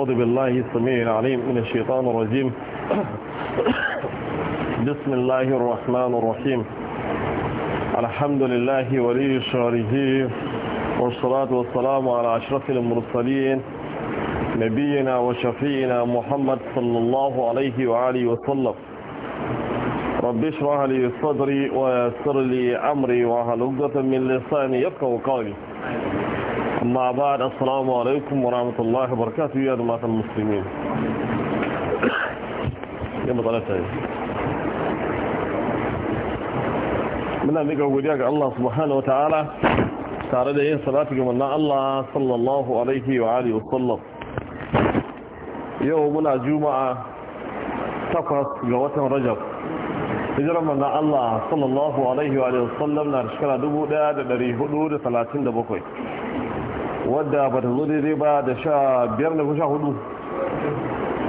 أعوذ بالله السميع العليم من الشيطان الرجيم بسم الله الرحمن الرحيم الحمد لله ولي الشارهين والصلاة والسلام على أشرف المرسلين نبينا وشفينا محمد صلى الله عليه وآله وسلم رب اشرح لي صدري ويسر لي أمري وهل عقدة من لساني يفقه قولي amma ba da assalamu alaikum wa rahmatullahi wa barakatuhu ya da matan musulmi ya matsalata yi muna mika godiya ga Allah subhanahu wa ta'ala tare da yin salatu ga manna Allah sallallahu alaihi wa wa sallam yau muna juma'a takwas ga watan rajab hijirar manna Allah sallallahu alaihi wa wa sallam na da 1437 wadda ba ta zo daidai ba da sha biyar da sha hudu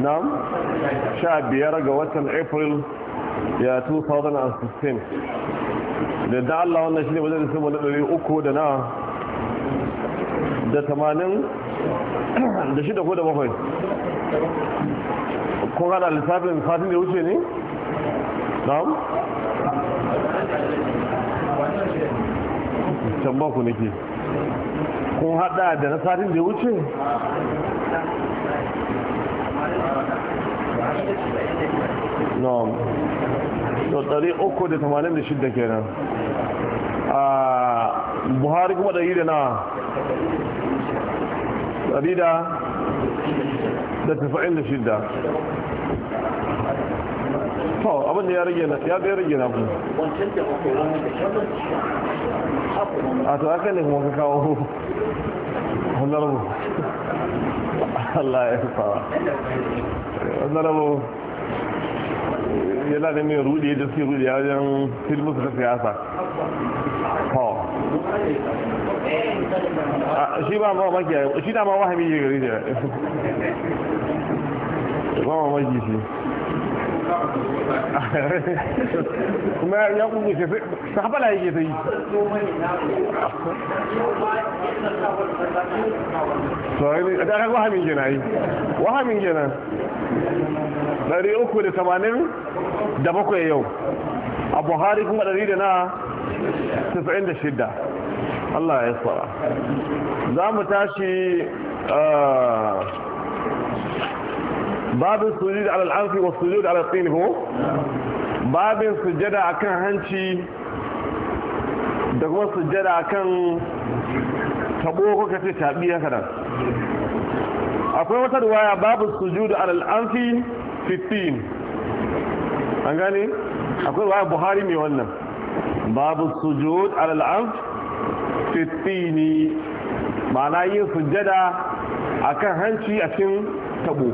na sha biyar ga watan april ya 2016 da da allah wannan shi ne wajen da sun wani uku da na da tamanin da shida ko da bakwai kun hada lissafin fatin da wuce ne? na'am? can baku nake kun hada da na satin da ya wuce no no ɗari uku da tamanin da shidda kenan a buhari kuma ɗari da na ɗari da da tafa'in da shidda to abin da ya rage na ya rage na kuma a to aka ne kuma ka kawo honorable Allah yana da mai da rudi a wajen filmus da shi ba ma shi da ma wahami ya gari da ba ma kuma ya kuma ce su haɓala yake ta yi saurari a aka wahamin gina yi wahamin gina bakwai yau a buhari kuma 196 Allah ya tsara za mu tashi ah, babin sujud ala al'anfi wa sujud ala tsini ko babin sujada akan hanci da kuma sujada akan tabo ko kace tabi haka nan akwai wata ruwaya babu sujud ala al'anfi 15 an gane akwai ruwaya buhari mai wannan babu sujud ala al'anfi 15 ma'ana yin sujada akan hanci a cikin tabo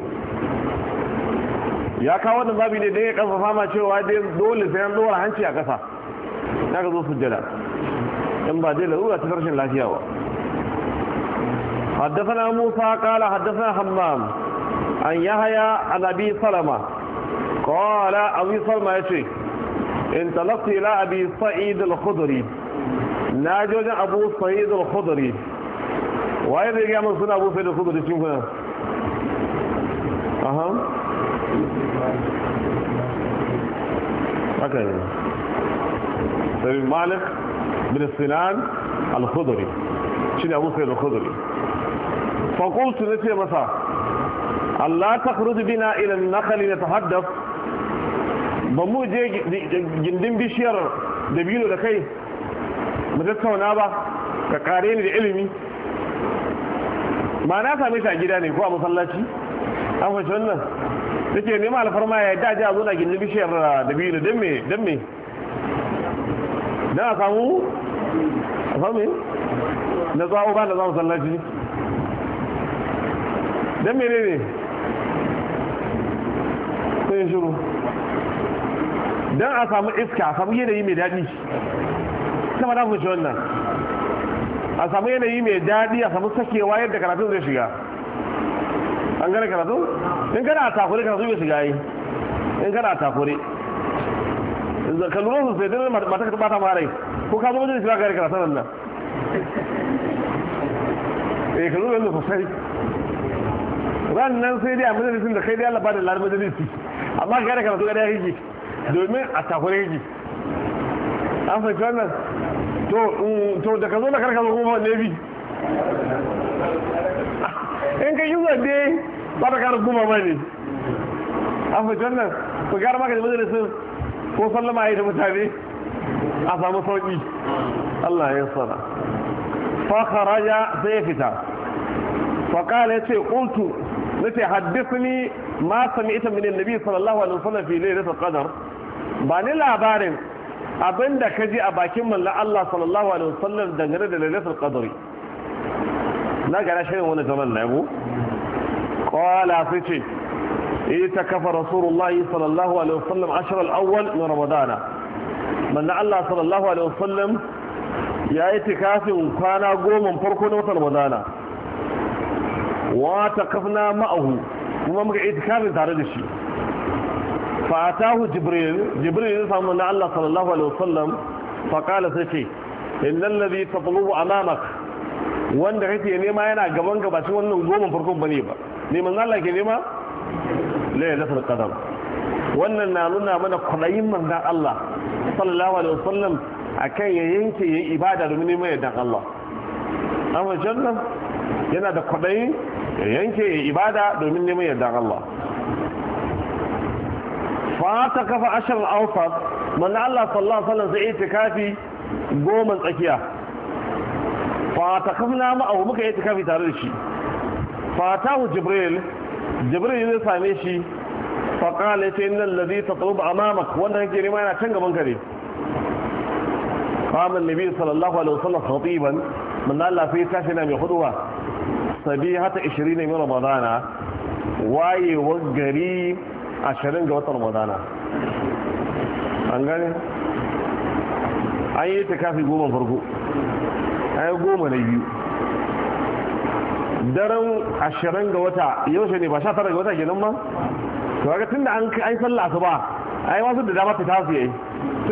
ya kawo da zabi ne ɗaya ƙasa fama cewa dai dole sai an ɗora hanci a ƙasa ya ga zo su jira in ba dai larura ta rashin lafiya ba haddasana musa kala haddasana hammam an ya haya an abi salama kawala abi salama ya ce in talafi la abi sa'id al-khudri na jojin abu sa'id al-khudri waye zai gaya musu suna abu sa'id al-khudri cikin kuna haka ne Sabin malik bin sinan al-khudri shi ne abu sai al-khudri fakultu na ce masa allah ta kuruzi bina ilin nakali na ta haddaf ba mu je gindin bishiyar dabino da kai mu tattauna ba ka kare ni da ilimi ba na same shi a gida ne ko a masallaci an fashe wannan nake nema alfarma ya daji a zuna gindin bishiyar da ah, biyu da dame dame don a samu a samu na zuwa uba da zama sallaci don mene ne sai shiru don a samu iska a samu yanayi mai daɗi sama da fushi wannan a samu yanayi mai daɗi a samu sakewa yadda karatun zai shiga an gane karatu in kana a takure karatu bai shiga yi in kana a takure ka lura sosai dinar mata ka bata ma rai ko ka zo wajen shiga gari karatu nan eh ka lura yanzu sosai nan sai dai a majalisin da kai dai Allah ba da lar majalisi amma gane karatu ya yake domin a takure yake an fahimci wannan to mm, da ka zo da karkar hukumar kuma in ka yi zande ba ta kara kuma ba ne a fitan nan ku gara maka da majalisun ko sallama ya yi da mutane a samu sauƙi Allah ya sana fakaraja sai ya fita fakala ya ce ƙultu na ce haddisni ma sami ita minin nabi sallallahu alaihi wasallam fi lailatul qadar ba ni labarin abinda da ka ji a bakin mallan Allah sallallahu alaihi wasallam dangane da lailatul qadri na gara shirin wani zaman na yabo qala sai ce ita kafa rasulullahi sallallahu alaihi wasallam ashar al-awwal min ramadana manna Allah sallallahu alaihi wasallam ya yi tikafin kwana goma farko na watan ramadana wa takafna ma'ahu kuma muka yi tikafin tare da shi fatahu jibril jibril ya samu na Allah sallallahu alaihi wasallam fa kala sai ce innal ladhi tatlubu amamak wanda kake nema yana gaban gabashin wannan goma farkon bane ba ne manzo Allah ke nema la da qadar wannan na nuna mana kwaɗayin manzan Allah sallallahu alaihi wasallam akan ya yanke yayin ibada domin neman yardan Allah amma jannan yana da kwaɗayin ya yanke yayin ibada domin neman yardan Allah fa ta kafa ashar al-awsat manzo Allah sallallahu alaihi wasallam zai itikafi goma tsakiya fa ta kafa na mu muka itikafi tare da shi fatahu jibril jibril zai same shi faƙala ta inna allazi tatlubu amamak wanda kake nema yana can gaban kare qama annabi sallallahu alaihi wasallam khatiban man Allah sai tashi na mai huduwa sabihata 20 min ramadana wayewar gari 20 ga wata ramadana an gane an yi ta kafi goma farko an yi goma na biyu daren ashirin ga wata yaushe ne ba sha tara ga wata kenan ba to tun da an kai sallah asuba ai wasu da dama fita su yayi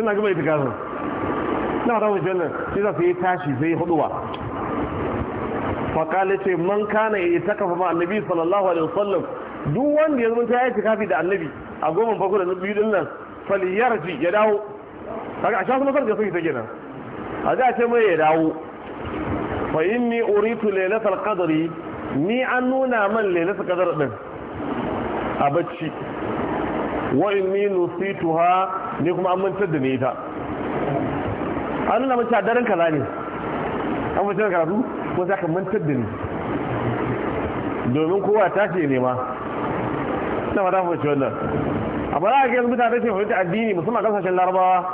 da gaba ita kasu na da wajen nan shi za su yi tashi sai huduwa faƙali ce man kana yi ta kafa ma annabi sallallahu alaihi wasallam duk wanda ya zama ya yi kafi da annabi a goma bakwai da na biyu din nan faliyarji ya dawo kaga a sha kuma sarka sun ta gina, a za a ce mai ya dawo fa inni uritu lailatul qadri ni an nuna man lailata kadar din a bacci wa inni nusituha ni kuma an mantar da ni ita an nuna mace a daren kaza ne an mace da karatu ko za ka mantar da ni domin kowa ta ce nema na fata fahimci wannan a bara a yanzu mutane ce fahimci addini musamman kasashen larabawa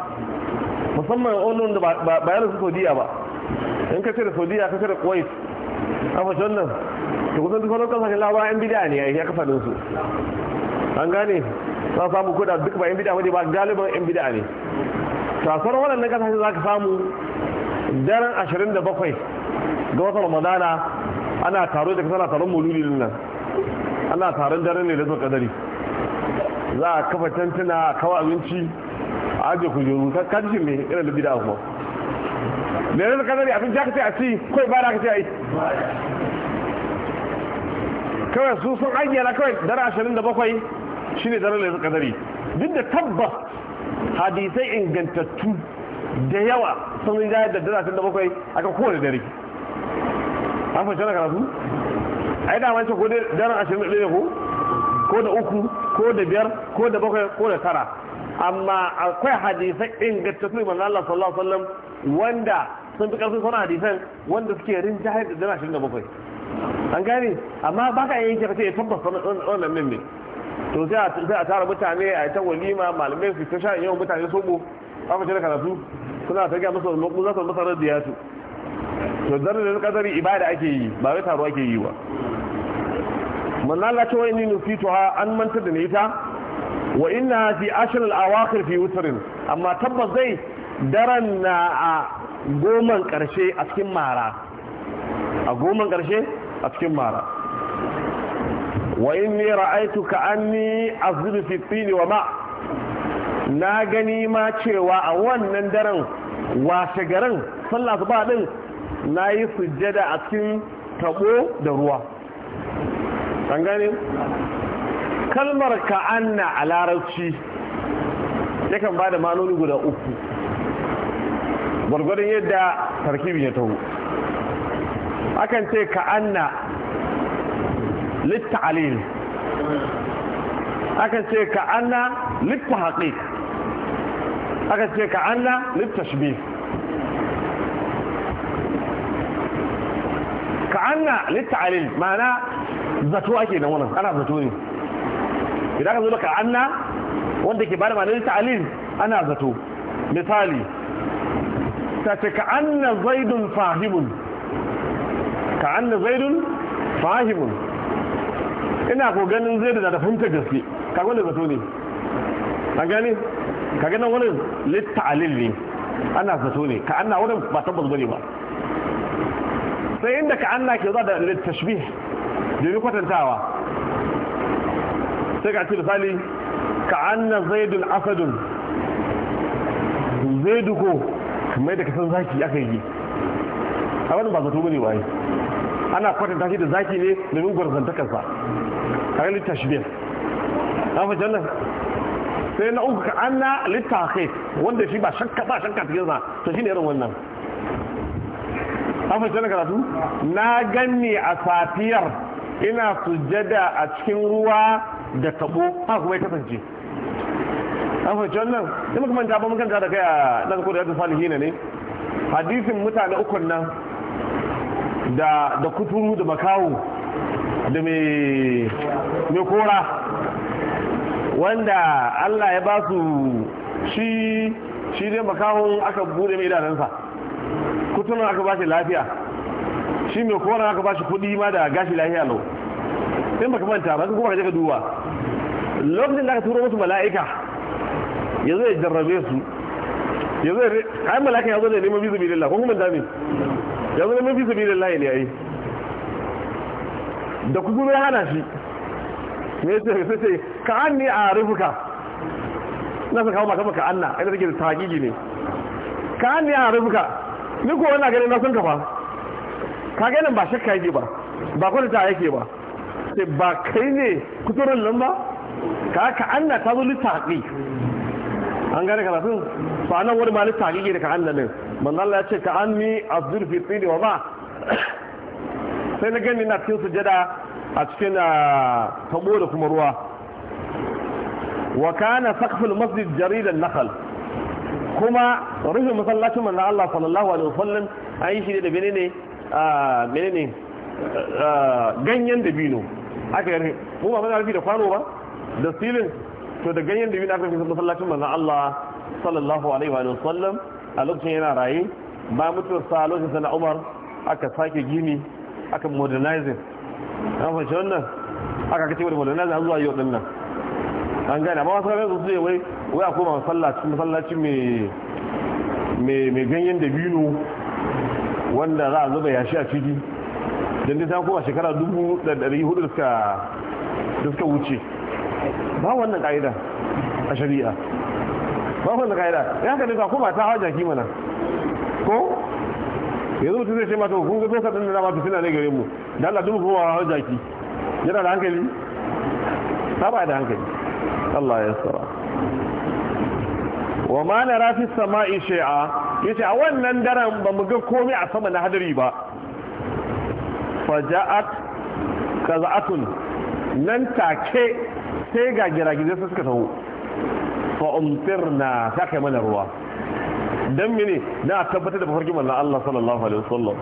musamman olin da ba yana su saudiya ba in ka ce da saudiya ka ce da kuwait a fahimci wannan shi kusan duk wani kasashen labaran yan bida ne ya kafanin su an gane za samu kuda duk ba yan bida wani ba galiban yan bida ne tasar waɗannan shi za ka samu daren 27 ga watan ramadana ana taro da kasar taron mulili nan ana taron daren ne da zuwa kadari za a kafa tantuna a kawo abinci a ajiye kujeru kajin mai irin da bida kuma da yanzu kadari abin ja ka ce a ci kawai ba da ka ce a yi kawai su sun ayyana kawai dara ashirin da bakwai shi ne dara laizu kadari duk da tabbas hadisai ingantattu da yawa sun yi da dara ashirin da bakwai a kan kowane dare an fashe na karatu a yi damar ce ko dara ashirin da ɗaya ko ko da uku ko da biyar ko da bakwai ko da tara amma akwai hadisai ingantattu ne manzo Allah sallallahu alaihi wanda sun fi karfi sauran hadisan wanda suke jahar da dara ashirin da bakwai an gane amma ba ka yanke ka ce ya tabbata wannan min ne to sai a tara mutane a ta walima malamai su ta sha yawan mutane sobo ba ku da karatu suna ta gaya masa mu za su masa su to zarar da kadari ibada ake yi ba wai taro ake yi ba manna Allah ta wani nusituha an mantar da ita wa inna fi ashr al awaqir fi wutrin amma tabbas zai daran na a goman karshe a cikin mara a goman karshe a cikin mara wa inni ra'aitu anni azbu fi tini wa ma na gani ma cewa a wannan daren washe garin sallah ba din nayi sujjada a cikin tabo da ruwa an gane kalmar ka'anna a larabci yakan bada da manoni guda uku gwargwadon yadda tarkibin ya taho akan ce ka anna litta'alil akan ce ka anna akan ce ka anna littashbih ka anna ma'ana zato ake nan wannan ana zato ne idan aka zo ka anna wanda ke bada ma'anar ta'alil ana zato misali ta ce ka anna zaidun fahimun ka anna zaidun fahimun ina ko ganin zaidu da fahimta gaske ka gwada zato ne an gani? ka ganin wani litta alil ne ana zato ne ka anna wurin ba tabbas bane ba sai inda ka anna ke za da tashbih domin kwatantawa sai ka ce misali ka anna zaidun asadun zaidu ko kamar da ka san zaki aka yi a wani ba zato bane ba yi ana kwatanta shi da zaki ne domin zantakarsa a yi biyar na fi jannan sai na uku ka an na littafi wanda shi ba shakka ba shakka cikin sa to shi ne irin wannan an fi jannan karatu na ganni a safiyar ina sujada a cikin ruwa da tabo ha kuma ya kasance an fi jannan sai muka manta ba muka da kai a nan ko da yadda salihina ne hadisin mutane ukun nan da kuturu da makawu da mai kora wanda Allah ya ba su shi shi dai aka bude mai idanunsa kuturu aka ba shi lafiya shi mai kora aka ba shi kudi ma da gashi lafiya lau sai maka manta ba kuma ka je ka duwa lokacin da aka turo musu mala'ika ya zai jarrabe su ya zai ai mala'ika ya zo da neman bizu bilillah ko kuma dami yanzu da mafi sabi da layi ne yayi da kuku mai hana shi me ce sai ce ka an ne a rufuka na sa kawo maka maka anna ina take da tahqiqi ne ka an ne a rufuka ni ko wannan ganin na sun kafa ka ga nan ba shakka yake ba ba kwata ta yake ba sai ba kai ne kusurin nan ba ka ka anna ta zo li an gane karatun ba nan wani ma li tahqiqi da ka anna ne manzala ya ce ka an ni azur fi tsiri wa ma sai na gani na cikin sujada a cikin ah, tabo da kuma ruwa wa kana sakafin masjid jaridan nakal kuma rufin masallacin manzon Allah sallallahu alaihi wasallam an yi shi da menene a ne ah, ah, ganyen dabino aka yi mu ba mana rufi da kwano ba da silin to da ganyen dabino aka rufe masallacin manzon Allah sallallahu alaihi wasallam a lokacin yana raye ba mutuwarsa a lokacin sana umar aka sake gini aka modernizing na fashe wannan aka kace wani modernizing an zuwa yau din nan an gane amma wasu kamar su ce wai wai a koma masallaci masallaci mai ganyen dabino wanda za a zuba yashi a ciki don dai ta koma shekara dubu da ɗari hudu da suka wuce ba wannan ƙa'ida a shari'a ba ku da ka'ida ya ka dinka ko ba ta hawa jaki mana ko yanzu mutum zai ce mata kun ga dosa din da ma fitina ne gare mu da Allah dubu kuma hawa jaki yana da hankali ta ba da hankali Allah ya tsara wa ma nara fi sama'i shay'a yace a wannan daren ba mu ga komai a sama na hadari ba faja'at kaza'atun nan take sai ga gira giragizai suka taho fa’umtirna umtirna za ka yi mana ruwa Don mini na tabbatar da mafarki mana Allah sallallahu alaihi wasallam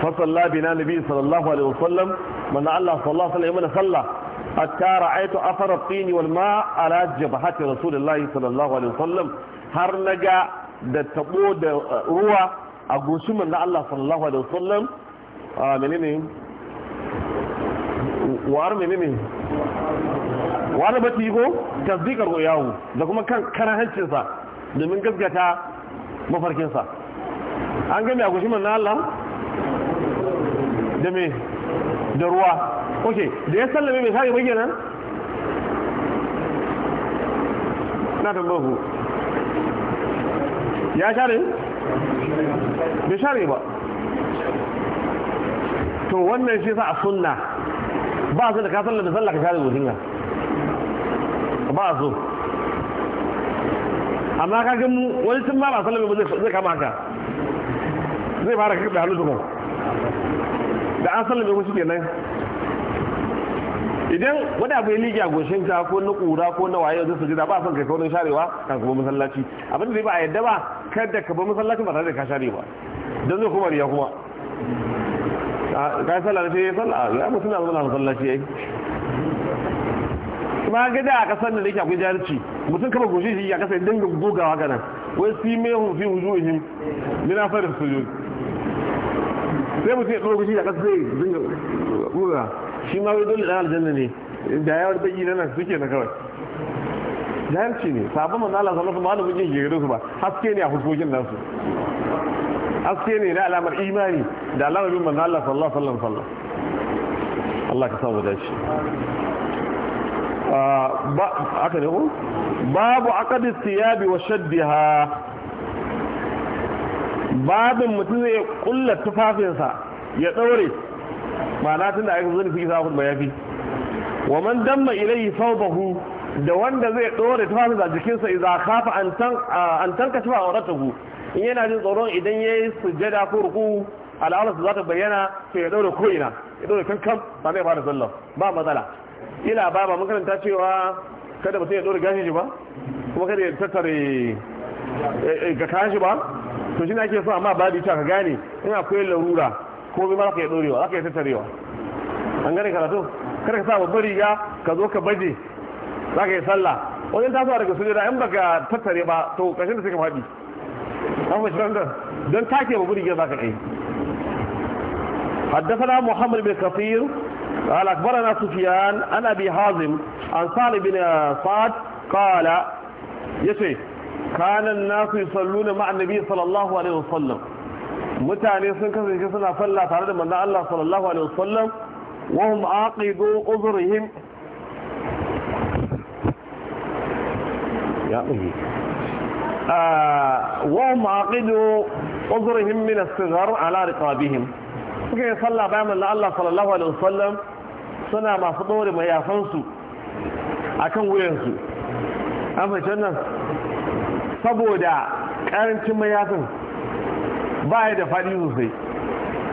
fasalla salla bina nabi sallallahu alaihi wasallam mana Allah sallallahu alaihi wasallam salla tara aito a fara tsini wal ma' ala jabhati rasulullahi sallallahu alaihi wasallam har naga da tabo da uh, ruwa a goshin na Allah sallallahu alaihi wasallam ah, menene war menene wani ba ko tasdikar yawo da kuma kan karhancinsa domin gaskata mafarkinsa an gami a gushi na Allah da me da ruwa ok da ya sallame mai sa'i bayyana na tambar ku ya share? bai share ba to wannan shi sa a sunna ba su da ka sallar da sallar ka share zotinga ba a so amma ka ga wani sun ba ba sallama zai kama haka zai fara kakkaɓe hannu tukun da an sallame wasu ke nan idan wani abu ya liƙe a goshin ta ko na ƙura ko na waye wajen sujada ba a son kai saurin sharewa kan kuma masallaci abinda zai ba a yadda ba kada ka bar masallaci ba tare da ka share ba don zai kuma riya kuma ka yi sallah da shi ya yi sallah ya mutum na zama masallaci yi ma ga da a kasar da yake akwai jarci mutum kama goshe shi ya kasar dinga gogawa ganan wai si mai hun fi wujuhin min afarin sujud sai mutum ya ɗora goshe ya kasar zai dinga gogawa shi ma wai dole dan aljanna ne da yawar baki na nan suke na kawai jarci ne sabon manzo Allah sallallahu alaihi wasallam ba su ba haske ne a huskokin nasu haske ne na alamar imani da alamar bin manzo Allah sallallahu alaihi wasallam Allah ka samu dace aka ne ko babu aqdi thiyabi wa shaddiha babin mutum zai kulla tufafinsa ya daure tun da aka zo ne fi isa ba yafi wa man damma ilayhi sawbahu da wanda zai dore tufafinsa a jikinsa idza khafa an tan an tankashifa auratuhu in yana jin tsoron idan yayi sujada ko ruku al'aurarsa za ta bayyana sai ya daure ko ina ya daure kankan ba zai fara sallah ba matsala ila ba ba makaranta cewa kada mutum ya dora gashi shi ba kuma kada ya tattare eh, eh, ga kayan shi ba to shi ne ake so amma babu ita ka gane in akwai larura ko bi mara ka ya dorewa aka ka ya tattarewa an gane karatu kada ka sa babbar riga ka zo ka baje za ka yi sallah wajen tasowa daga sujada in baka tattare ba to ƙarshen da sai ka faɗi an fashe don take babbar riga za ka kai حدثنا محمد بن كثير قال أكبرنا سفيان عن أبي حازم أنصال بن صاد قال يا شيخ كان الناس يصلون مع النبي صلى الله عليه وسلم متاني سنكسر جسنا صلى الله صلى الله عليه وسلم وهم آقضوا قذرهم يا أبي آه، وهم عاقدوا قذرهم من الصغر على رقابهم صلى بعمل الله صلى الله عليه وسلم suna masu mai mayafansu a kan wuyansu an fahimci nan saboda ƙarancin mayafin ba da faɗi sosai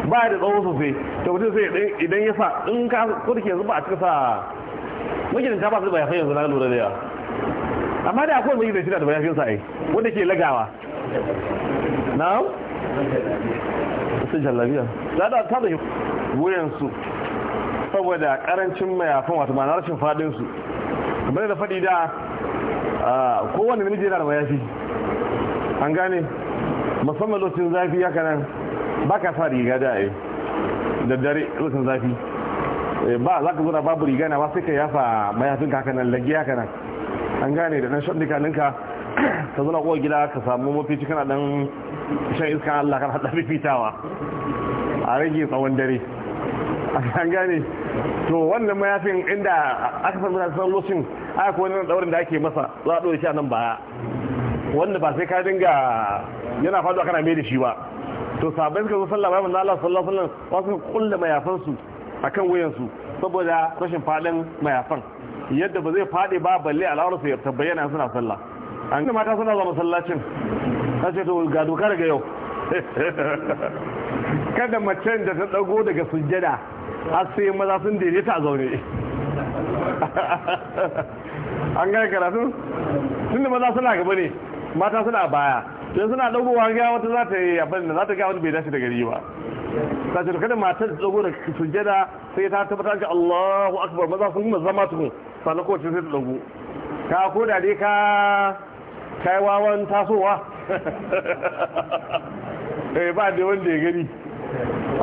ba da tsawo sosai ta mutum sai idan ya sa in ka kurke yanzu ba a cika sa magidanta ba su da mayafin yanzu na lura da yawa amma da akwai shi na da mayafin sa'ai wanda ke lagawa na? sun jallabiya za a ta da wuyansu saboda karancin mayafin wasu ma'anar rashin fadin su kamar da faɗi da kowane miji yana da mayafi an gane musamman lokacin zafi ya kanan ba ka sa riga da yi eh, da dare lokacin zafi eh, ba za ka zura babu riga na ba sai ka yafa mayafin ka kanan lagi ya nan an gane da ɗan shaɗika ninka ka zuna kowa gida ka samu mafici kana ɗan shan iska Allah kan haɗa fitawa a rage tsawon dare an gane to wannan mayafin inda aka san da san lokacin aka kuwa nan daurin da ake masa za a ɗora shi a nan baya wanda ba sai ka dinga yana faɗo kana mai da shi ba to sabon suka zo sallah bayan Allah sallallahu alaihi wasallam wasu kulla mayafan su akan wayan su saboda rashin fadin mayafan yadda ba zai fade ba balle al'aurar su ya tabbayyana suna sallah an ga mata suna zama sallacin ta ce to ga doka daga yau kada macen da ta dago daga sujjada har sai maza sun daidaita a zaune an gane karatu tunda maza suna gaba ne mata suna baya don suna ɗaukowa ga wata za ta yi abin da za ta ga wani bai dace da gari ba ta ce kada matar ta ɗago da sujjada sai ta tabbatar da Allahu akbar maza sun maza ma tukun sannan kowace sai ta ɗago ka ko da dai ka kai wawan tasowa eh, ba da wanda ya gani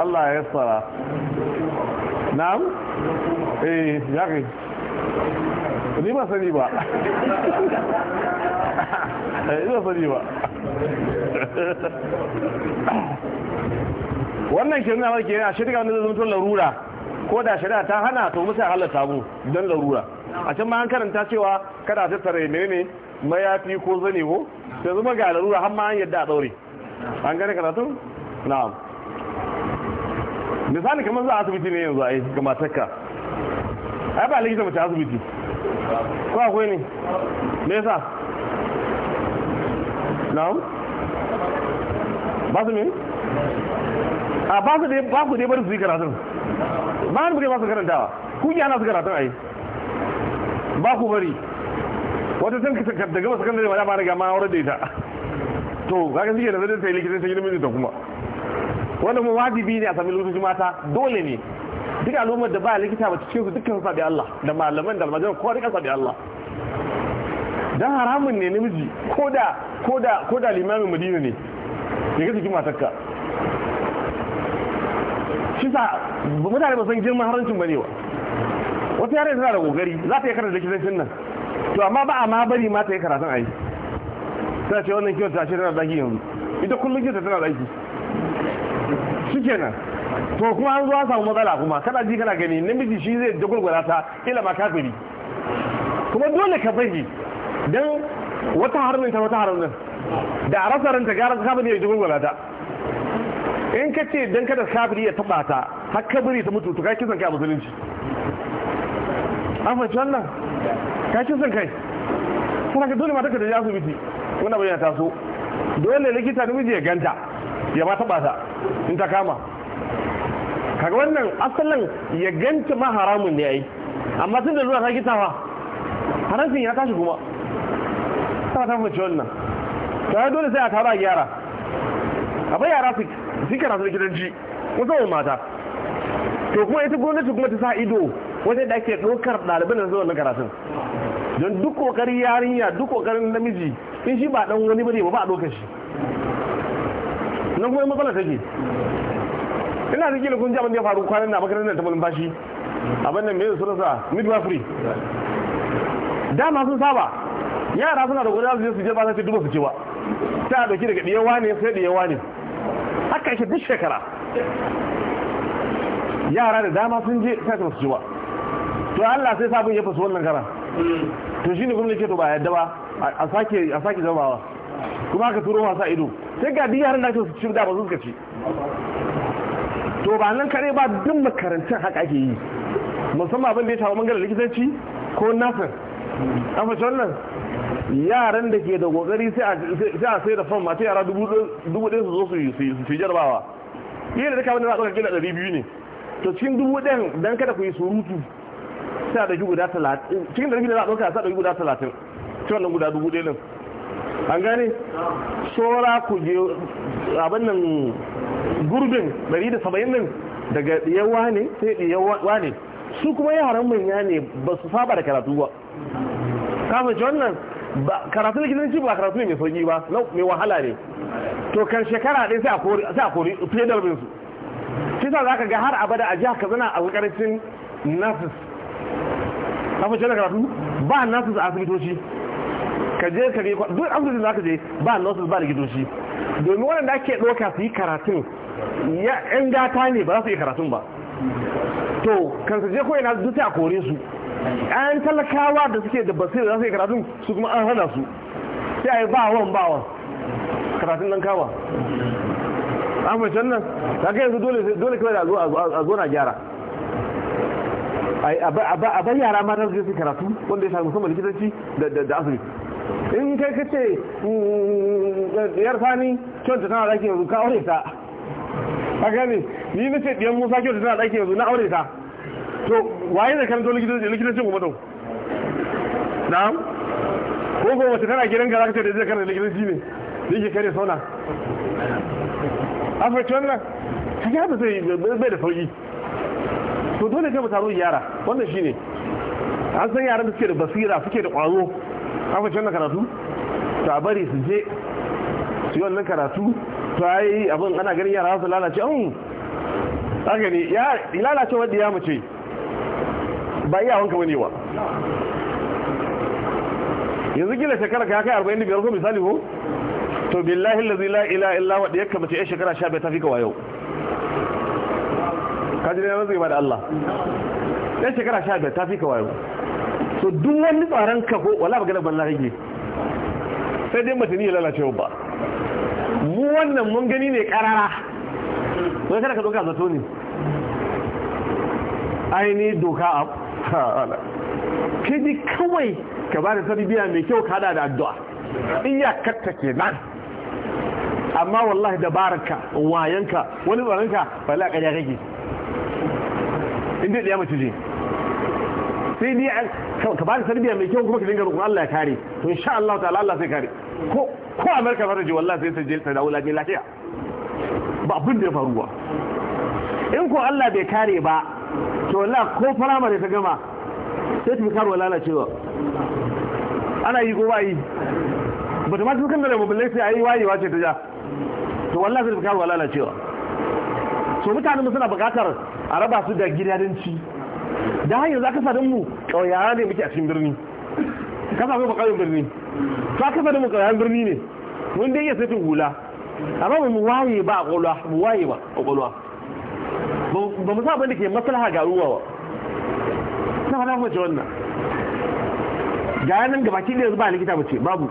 Allah ya yassara na'am eh ya ni ma sani ba eh, ina sani ba wannan ke nuna ke yana shirka wanda zai zama larura ko da shari'a ta hana to musa halatta mu don larura a can ma an karanta cewa kada ta tare menene mayafi ko zane ko sai zama ga larura har ma an yadda a daure an gane karatu na'am misali kamar za a asibiti ne yanzu ayi ga matakka ai ba likita mace asibiti ko akwai ne me yasa na'am ba su ne a ba su dai ba ku dai bari su yi karatun ba ni ba su karantawa ku ki ana su karatun ai ba ku bari wata sun daga masu kan da ma dama riga ma aure da ita to kaga suke da zai ta yi likitan sai yi namiji ta kuma wannan mu wajibi ne a sami likitoci mata dole ne duk al'ummar da ba likita ba cikin su dukkan sabi Allah da malaman da almajiran kowa duka sabi Allah dan haramun ne namiji da ko da limamin madina ne ya ga cikin matarka shi sa mutane ba san girman harancin ne wa wata yare tana da kokari za ta yi karanta likitancin nan to amma ba a ma bari ma ta yi karatun yi tana ce wannan kiwon ta ce tana daki yanzu ita kullum kiwon tana daki nan to kuma an zo an samu matsala kuma kana ji kana gani namiji shi zai dagulgula ta ila ma kafiri kuma dole ka fahimci dan wata harnin ta wata harnin da a rasa ranta gara kafiri ya dagulgula ta in ka ce dan kada kafiri ya taba ta har kabiri ta mutu to ka kisan kai a musulunci an fahimci wannan ka kisan kai kuma ka dole ma ta ka da ya asibiti wannan bayyana ta so dole likita namiji ya ganta ya ba taba ta in ta kama kaga wannan asalin ya ganta ma haramun ne yayi amma tun da zuwa ta gitawa haramun ya tashi kuma ta ta fice wannan ta dole sai a tara gyara abai yara su suke gidan da gidanci musamman mata to kuma ita gwamnati kuma ta sa ido wajen da ake ɗaukar ɗaliban da zuwa na karatun don duk ƙoƙarin yarinya duk ƙoƙarin namiji in shi ba ɗan wani bane ba ba a ɗaukar shi wannan kuma matsala take ina da kila kun ji abin da ya faru kwanan na nan ta malumfashi abin da mai suna sa midwifery dama sun saba yara suna da gudanar su je su ba za su duba su ce ba ta dauki daga wani ne sai diyawa ne haka yake duk shekara yara da dama sun je ta su ce ba to Allah sai sabon ya fasu wannan kara to shi ne gwamnati ke to ba yadda ba a sake a sake kuma aka turo wasa ido sai ga biyar harin nasu su ci da ba su suka ci to ba nan kare ba duk makarantun haka ake yi musamman abin da ya tawo bangaren likitanci ko nasar an fashe wannan yaran da ke da kokari sai a sai da fam mata yara dubu ɗaya su zo su fi jarabawa yi da duka wani za a ɗauka kila ɗari biyu ne to cikin dubu ɗayan don kada ku yi surutu sai a ɗauki guda talatin cikin ɗari biyu da za a ɗauka sai a ɗauki guda talatin cikin wannan guda dubu ɗaya an gane tsora ku je abin nan gurbin 170 nan daga yawa ne sai yawa ne su kuma yaran manya ne ba su saba da karatu ba kafin ci wannan karatu da ci ba karatu ne mai sauki ba mai wahala ne to kan shekara ɗaya sai a kori fiye da shi sa za ka ga har abada a jihar zana a karancin nasis kafin ci wannan karatu ba nasis a asibitoci ka je ka ga duk asibitin da ka je ba nurses ba da gidoshi domin wanda ake ɗauka su yi karatun yan gata ne ba za su yi karatun ba to kan su je ko na duk sai a kore su an talakawa da suke da basira za su yi karatun su kuma an hana su sai a yi ba wan ba wan karatun nan kawa an nan ta kai yanzu dole kawai da a zo na gyara a bar yara mata su su karatu wanda ya shafi musamman likitanci da asibiti in kai ka ce mm, mm, mm, yar sani kyauta tana da ake yanzu ka aure ta a gani ni na ce ɗiyan musa kyauta tana da ake yanzu na aure ta to waye da kan zo likitancin kuma dau na'am ko ko wata tana gidan gara kacce da zai karanta likitanci ne da yake kare sauna a fahimci wannan yi gyara zai bai da sauƙi to dole ka mu taro yara wannan shine an san yaran da suke da basira suke da ƙwazo Akwai ce na karatu ta bari su je su yi wannan karatu ta yi abin ana ganin yara su lalace an haka ne ya lalace wadda ya mace ba iya wanka wani wa yanzu gina shekara ka kai 45 ko misali ko to billahi lazi la ila illa wadda ya kamace ya shekara biyar ta fi kawa yau kaji yanzu na ba da Allah ya shekara biyar ta fi kawa yau So duk wani tsaron kafo wala gada ban lahage sai dai mutane ya lalace ba mu wannan mun gani ne karara wai kada ka doka zato ne aini doka a kidi kawai ka ba da tarbiyya mai kyau ka da addu'a iyakar ta nan amma wallahi dabaraka wayanka wani tsaronka bala ƙarya kake inda ɗaya mace je sai dai ka ba da tarbiyya mai kyau kuma ka dinga roƙon Allah ya kare to insha Allah ta'ala Allah sai kare ko ko Amerika za ta je wallahi sai ta je ta dawo lafiya ba abin da ya faru ba in ko Allah bai kare ba to wallahi ko firamare ta gama sai ta fi karuwa lalacewa ana yi ko ba yi ba ta mata sukan da mabalai sai a yi wayewa ce ta ja to wallahi sai ta fi karuwa lalacewa so mutanen suna bukatar a raba su da gidadanci da hanyar za ka sadin mu ƙauyara ne muke a cikin birni ka sami ba ƙauyen birni ta ka sadin mu ƙauyaran birni ne mun dai iya tun hula amma ba mu waye ba a ƙwalwa mu waye ba a ƙwalwa ba mu sa abin da ke maslaha ga ruwa ba na fata ce wannan ga yanan gabaki yanzu ba likita ba ce babu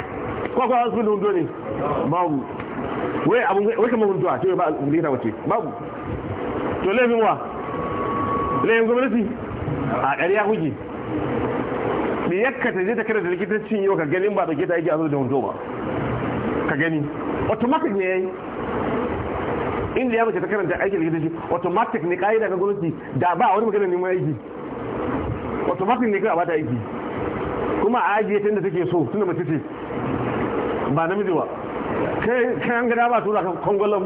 kwakwa asibitin hundo ne babu wai abin wai kamar huntuwa ce ba likita ba ce babu to laifin wa laifin gwamnati a ƙarya kuke me yakka ta je ta da likitancin yau ka ganin ba da ke ta yake azo da wanzo ba ka gani automatic ne yayi inda ya bace ta karanta aiki da gidanci automatic ne ka'ida ga gwamnati da ba wani magana mai aiki automatic ne ka ba ta aiki kuma a ajiye ta inda take so tunda mace ce ba namiji ba kai kayan gada ba tura ka kongolam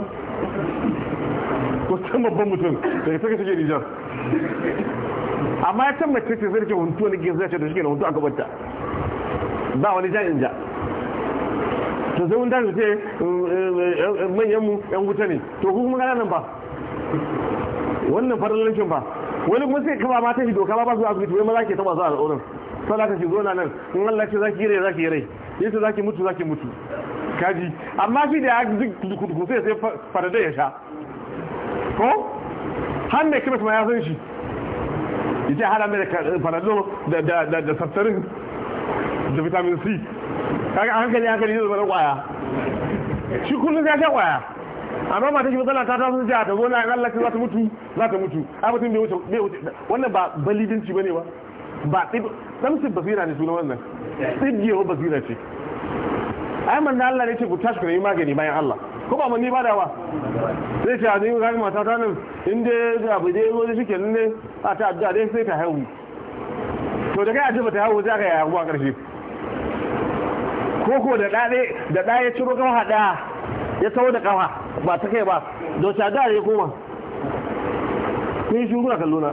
ko san babban mutum daga take take Nijar amma ya tamma ce zai ce hunto ne gizo ce da shi ne hunto huntu a gabanta ba wani jan ja to zai wanda ce eh, eh, eh, manyan mu yan wuta ne to ku kuma nan ba wannan faralancin ba wani kuma sai kaba mata hido kaba ba su asibiti wai maza ke taba zuwa al'urin sau da ka ce zona nan in Allah ce zaki rai zaki rai yace zaki mutu zaki mutu kaji amma shi da ya duk sai sai farada ya sha ko har mai kimas ma ya san shi ya ce hada mai da faradon da saftarin da vitamin c kaga a hankali hankali zai zama kwaya shi kullum ya sha kwaya amma mata shi matsala ta taso jiya ta zo na Allah za ta mutu za ta mutu a mutum bai wuce bai wuce wannan ba balidinci bane ba ba tsib samsin basira ne sunan wannan tsibiyo basira ce ai man da Allah ne ce ku tashi ku yi magani bayan Allah ko ba n'i ba da sai zai ce a ni ga mata ta nan in ga abu dai zo da shi kenan ne a ta addu'a dai sai ta haihu to da kai a ce ta haihu za ka yi a ƙarshe koko da ɗaɗe da ɗaya ciro kama ɗaya ya sau da kama ba ta kai ba don ta da ya koma kun yi shuru a kallona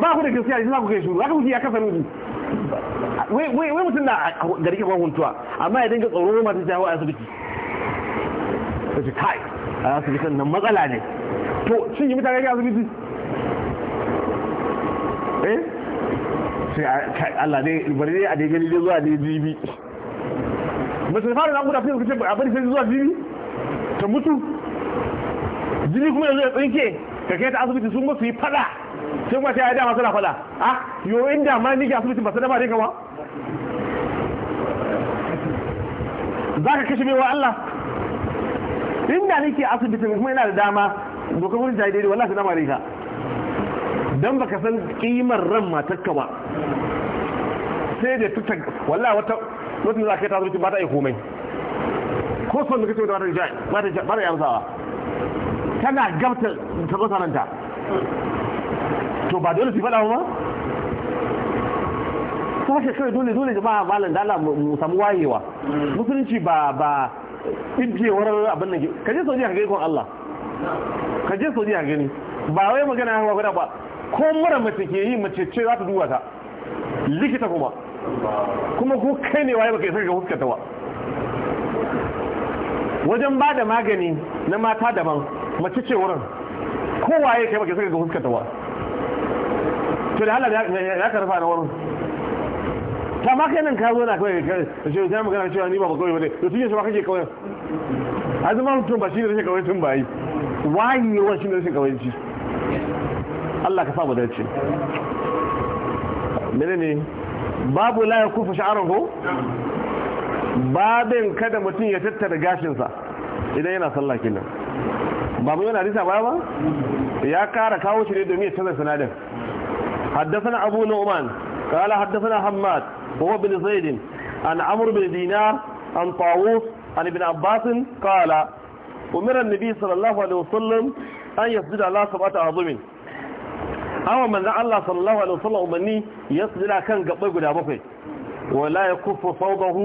ba ku da gaskiya isa ku kai shuru ka kuke ya kasa nuni wai mutum na gari kwan huntuwa amma ya dinga tsoron mata ta a asibiti ta ce kai a asibitin nan matsala ne to shin yi mutane ga asibiti eh sai Allah ne bari ne a daidai ne zuwa ne jibi ba su fara zanguda fi kuce a bari sai zuwa jibi ta mutu jini kuma yanzu ya tsinke ka kai ta asibiti sun musu yi fada sai kuma sai ya dama suna fada a ah, yo inda ma ni ke asibiti ba su dama dai kama za ka kashe mewa Allah inda nake asibitin kuma ina da dama dokar wurin jai daidai wallahi dama dai ka don ka san kimar ran matakka ba sai da tuta wallah wata wata za ka ta zuci ba ta yi komai ko son da kace wata wata jai ba ta ba ta yamsawa tana gabta ta rasa nan ta to ba dole su faɗa ba ta shi kai dole dole ba malam da dala mu samu wayewa musulunci ba ba warar abin nan kaje Saudiya ka gani ikon Allah kaje Saudiya ka gani ba wai magana ya hawa ba ko mura mace ke yi mace ce za ta duba ta likita kuma kuma ko kai ne waye baka isa ga huskata ba wajen ba da magani na mata daban mace ce wurin ko waye kai baka isa ga huskata ba to da Allah ya karfa na wurin ta ma kai nan ka zo na kai ka shi ta magana cewa ni ba ba ne to tun yaushe ba kake kawai azuma mutum ba shi ne rashin kawai tun ba yi wayewa shi ne rashin kawai Allah ka sa mu dace menene babu la ya kufa sha'arahu babin kada mutum ya tattara gashinsa idan yana sallah kenan babu yana risa ba ba ya kara kawo shi ne domin ya canza sanadin حدثنا أبو نعمان قال حدثنا حماد هو بن زيد عن عمرو بن دينار عن طاووس عن ابن عباس قال sallallahu النبي صلى الله عليه وسلم أن يسجد على سبعة عظم awa manzan Allah sallallahu alaihi wasallam umarni ya sujada kan gabai guda bakwai wala ya kuffa saubahu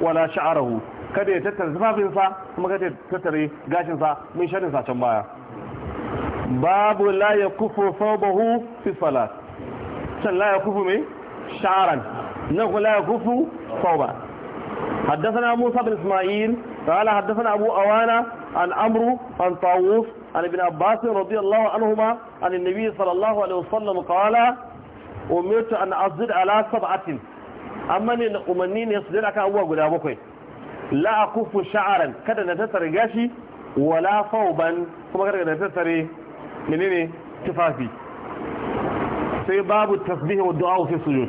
wala sha'arahu kada ya tattara tufafinsa kuma kada ya tattare gashinsa mun shaɗin sa can baya babu la ya kuffa saubahu fi salat can la ya kuffa mai sha'aran Na kuma la ya kuffa sauba حدثنا موسى بن اسماعيل قال حدثنا ابو اوانا عن عمرو عن طاووس عن ابن عباس رضي الله عنهما عن النبي صلى الله عليه وسلم قال أمرت أن أصدر على سبعة أما أمنين يصدر أكا أبوه قد أبوكي لا أكف شعرا كذا نتسري قاشي ولا فوبا كما كذا نتسري منين تفافي sai babu tasbihi wa du'a fi sujud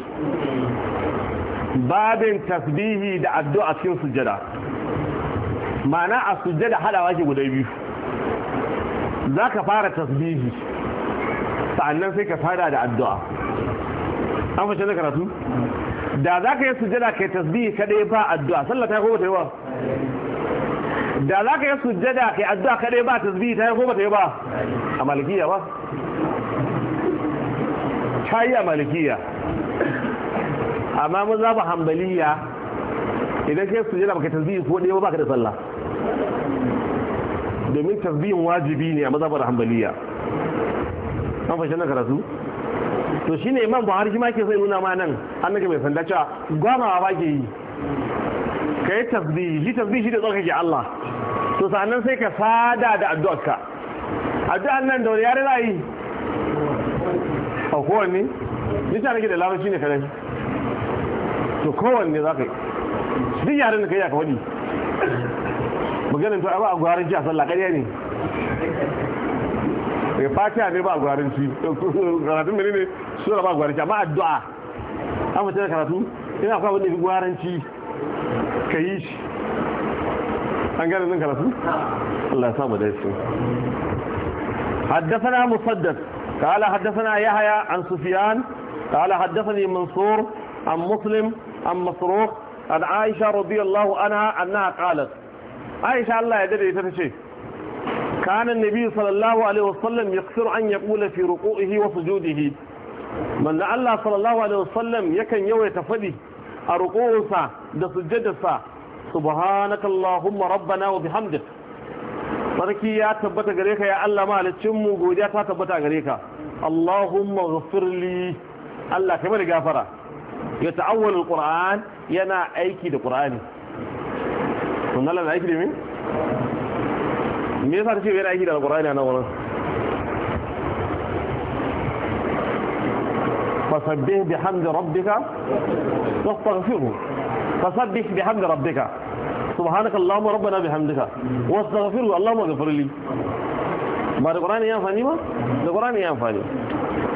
babin tasbihi da addu'a cikin sujada ma'ana a sujada hadawa ke guda biyu zaka fara tasbihi sa'annan sai ka fara da addu'a an fashe na karatu da za ka yi sujjada kai tasbihi kadai ba addu'a sallah ta ko ta yi ba da za ka yi sujjada kai addu'a kadai ba tasbihi ta yi ko ta yi ba a malikiya ba ta yi a malikiya amma mun za ba hambaliya idan kai sujjada kai tasbihi ko ɗaya ba ka da sallah domin tasbihin wajibi ne a mazabar hambaliya an fashe na karatu to shine imam buhari shi ma ke sai nuna ma nan annabi mai sanda cewa gwamawa ba ke yi ka yi tasbihi shi tasbihi shi da ke Allah to sannan sai ka sada da ka addu'ar nan da wani yare za yi a kowanne nisa nake da larabci ne kadai to kowanne za ka yi duk yaren da ka yi a ka faɗi maganin to a ba a gwaranci a sallah kariya ne daga eh, fatiha ne ba a gwarin ci karatu mene ne sura ba a gwarin ci amma addu'a an fata karatu ina kwa wani gwarin ci ka yi shi an gane nan karatu Allah ya samu da yasu haddasana musaddas kala haddasana yahaya an sufiyan kala haddasani mansur an muslim an masruk an aisha radiyallahu anha annaha qalat aisha Allah ya dade ita tace كان النبي صلى الله عليه وسلم يكثر أن يقول في ركوعه وسجوده من الله صلى الله عليه وسلم يكن يوي تفدي أرقوعه دسجدسه سبحانك اللهم ربنا وبحمدك sarki ya tabbata gare ka ya Allah mu godiya ta tabbata gare ka Allahumma ghafirli Allah kai bari gafara ya ta'awwal alquran yana aiki da qur'ani kun Allah aiki da me me yasa take yana aiki da alqur'ani nan wannan fasabbih bihamdi rabbika wastaghfirhu fasabbih bihamdi rabbika subhanaka allahumma rabbana bihamdika wastaghfirhu allahumma ighfirli ba da qur'ani ya amfani ba da qur'ani ya amfani